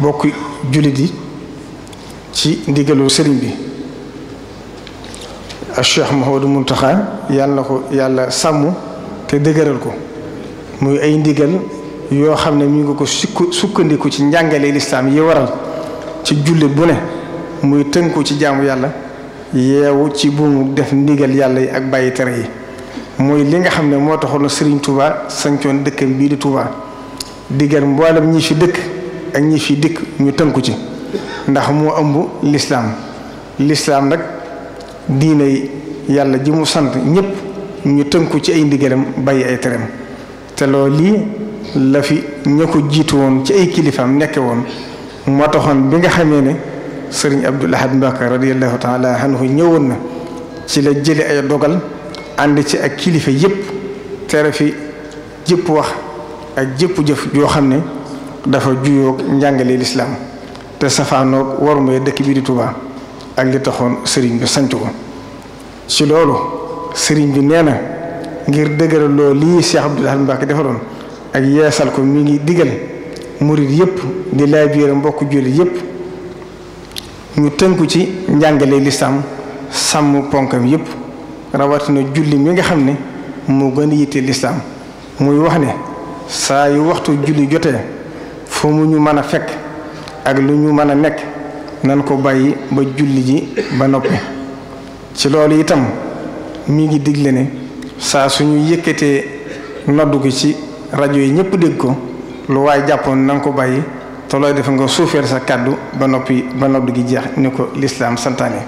bokk jullit yi ci ndigalu sëriñ bi ak Cheikh Mouhamadou Mountakha yàlla ko yàlla sàmm te dëgëral ko muy ay ndigal yoo xam ne mu ngi ko sukk sukkandiku ci njàngale lislaam yi waral ci jullit bu ne muy tënku ci jaamu yàlla yeewu ci buumu def ndigal yàlla yi ak bàyyi tere yi mooy li nga xam ne moo taxoon na Sëriñ Touba sancoon dëkkam bii di Touba digal mboolem ñi fi dëkk ak ñi fi dikk ñu tënku ci ndax moo ëmb lislaam lislaam nag diine yàlla ji mu sant ñépp ñu tënku ci ay ndigalam bàyyi ay tereem te loo lii la fi ña ko jiitu woon ci ay kilifaam nekke woon moo taxoon bi nga xamee ne sëriñ Abdul Ahad Mbacké radiyallahu taala anhu ñëwoon na ci la jële ay dogal ànd ci ak kilifa yépp tere fi jëpp wax ak jëpp jëf joo xam ne dafa juyoog njàngale lislaam te safaanoog waru may dëkk bi di Touba ak li taxoon sëriñ bi sanc ko ci loolu sëriñ bi nee na ngir dëgëral loolu lii Cheikh Abdou Lahad Mbacké defaroon ak yeesal ko mi ngi digal murit yëpp di laaj biir mbokk jullit yëpp ñu tënku ci njàngale lislaam sàmm ponkam yëpp rawatina julli mi nga xam ne moo gën a yitte lislaam muy wax ne saa yu waxtu julli jotee. fu mu ñu mën a fekk ak lu ñu mën a nekk nan ko bàyyi ba julli ji ba noppi ci loolu itam mi ngi digle ne saa suñu yëkkatee noddu gi ci rajo yi ñëpp dégg ko lu waaye jàppoon na ko bàyyi te looy defe nga suufeel sa kàddu ba noppi ba noddu gi jeex ni ko lislaam santaane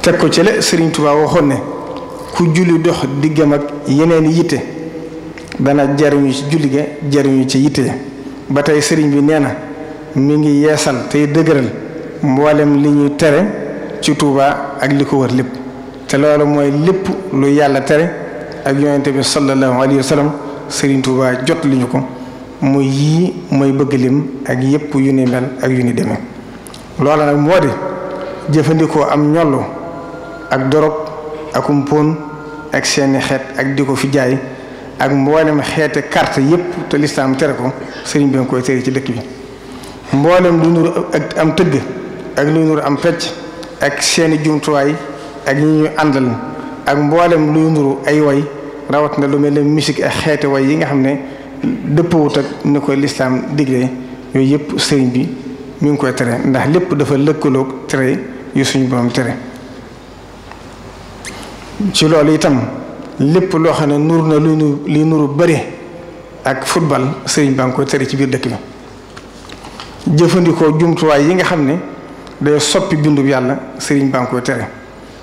teg ko ci la Sëriñ Tuubaa waxoon ne ku julli dox diggam ak yeneen yitte dana jariñu ci julli ga jariñu ci yitte ba tey sëriñ bi nee na mu ngi yeesal tey dëgëral mboolem li ñuy tere ci Tuuba ak li ko wër lépp te loolu mooy lépp lu yàlla tere ak yonente bi sallallahu alayhi wa sallam sëriñ Tuuba jot li ñu ko mu yii mooy bëgg lim ak yépp yu ni mel ak yu ni demee loola nag moo di jëfandikoo am ñollu ak dorog akum póon ak seeni xeet ak di ko fi jaay ak mboolem xeete carte yëpp te lislaam tere ko sëriñ bi nga koy tere ci dëkk bi mboolem lu nuru ak am tëgg ak lu nuru am fecc ak seeni jumtuwaay ak ñi ñuy àndal ak mboolem luy nuru ay way rawat na lu mel ne musique ak xeete way yi nga xam ne dëppawut ak ni ko lislaam digle yooyu yëpp sëriñ bi mi ngi koy tere ndax lépp dafa lëkkalook tere yu suñu borom tere ci loolu itam lépp loo xam ne nur na lu nu li nuru bëri ak football sëriñ baa ngi koy tere ci biir dëkk bi jëfandikoo jumtuwaay yi nga xam ne day soppi bindub yàlla sëriñ baa ngi koy tere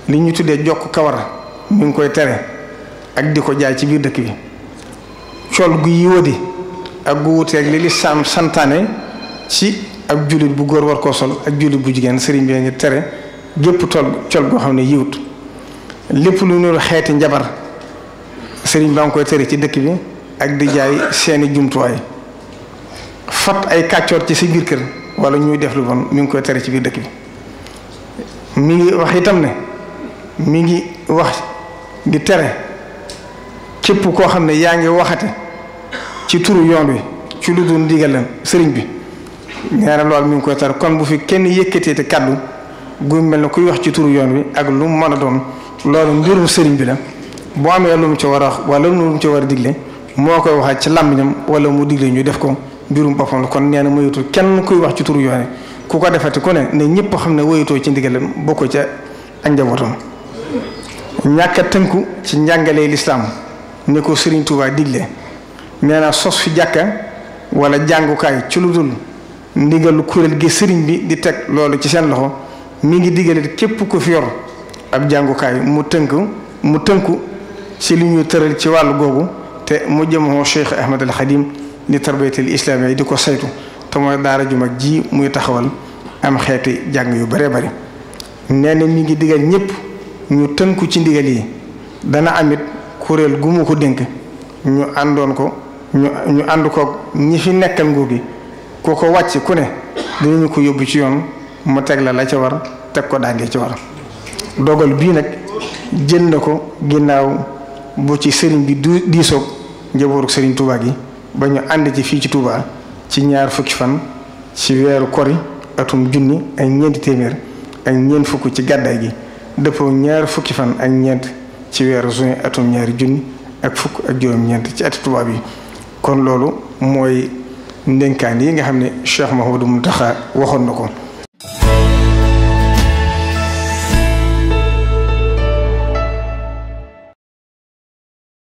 li ñu tuddee jokk kawar mi ngi koy tere ak di ko jaay ci biir dëkk bi col gu yiwadi ak gu wuteeg li li saam santaane ci ab jullit bu góor war koo sol ak jullit bu jigéen sëriñ bi ngi tere gépp tol col goo xam ne yiwut lépp lu nuru xeeti njabar sëriñ baa ngi koy tere ci dëkk bi ak di jaay seeni jumtuwaay fat ay kàccoor ci si biir kër wala ñuy def lu bon mi ngi koy tere ci biir dëkk bi mu ngi wax itam ne mu ngi wax di tere cépp koo xam ne yaa ngi waxate ci turu yoon wi ci lu dul ndigalam sëriñ bi nee loolu mu ngi koy tere kon bu fi kenn yëkkatee te kàddu gu mel ne kuy wax ci turu yoon wi ak lu mu mën a doon loolu mbirum sëriñ bi la boo amee lu mu ci war a wax wala lu mu war a digle moo koy waxaat ci làmmiñam wala mu digle ñu def ko mbirum boppam la kon nee na moytu kenn kuy wax ci turu yoone ku ko defati ku ne ne ñëpp xam ne woyatoo ci ndigalam bokk ca ak njabootam ñàkk a tënku ci njàngalee lislaam ni ko Serigne Touba digle nee na sos fi jàkka wala jàngukaay ci lu dul ndigalu kuréel gi Serigne bi di teg loolu ci seen loxo mu ngi digale képp ko fi yor ab jàngukaay mu tënku mu tënku. ci li ñu tëral ci wàllu googu te mu jëmoo Cheikh Ahmed al Khadim li tarbiyatil islam yi di ko saytu te mooy daara ju mag ji muy taxawal am xeeti jàng yu bëree bëri. nee na mi ngi digal ñëpp ñu tënku ci ndigal yi dana amit kuréel gu mu ko dénk ñu àndoon ko ñu ànd koog ñi fi nekkal nguur yi ku ko wàcc ku ne dinañu ko yóbbu ci yoon mu teg la la ci war teg ko daangee ci war dogal bii nag jël na ko ginnaaw. bu ci sëriñ bi du diisoog njabootu sëriñ Touba gi ba ñu ànd ci fii ci Touba ci ñaar fukki fan ci weeru kori atum junni ay ñeenti téeméer ak ñeent fukk ci gàddaay gi dëppoo ñaar fukki fan ak ñeent ci weeru juin atum ñaari junni ak fukk ak juróom-ñeent ci ati Touba bi kon loolu mooy ndénkaan yi nga xam ne Cheikh mu Mountakha waxoon na ko.